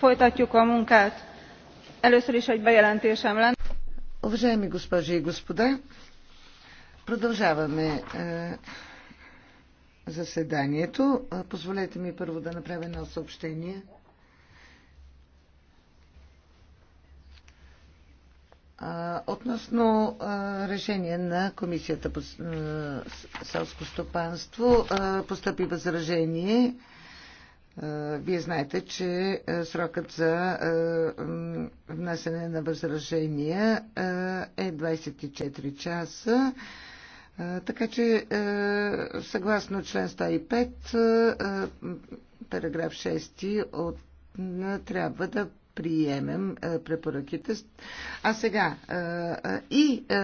folytatjuk a munkát. először is egy bejelentésem lenne. Уважаеми госпожи и господа, продължаваме е, заседанието. Позволете ми първо да направя едно съобщение. Относно решение на Комисията по е, селско стопанство, е, постъпи възражение вие знаете, че срокът за внасяне на възражения е 24 часа. Така че, съгласно член 105, параграф 6 от, трябва да приемем препоръките. А сега и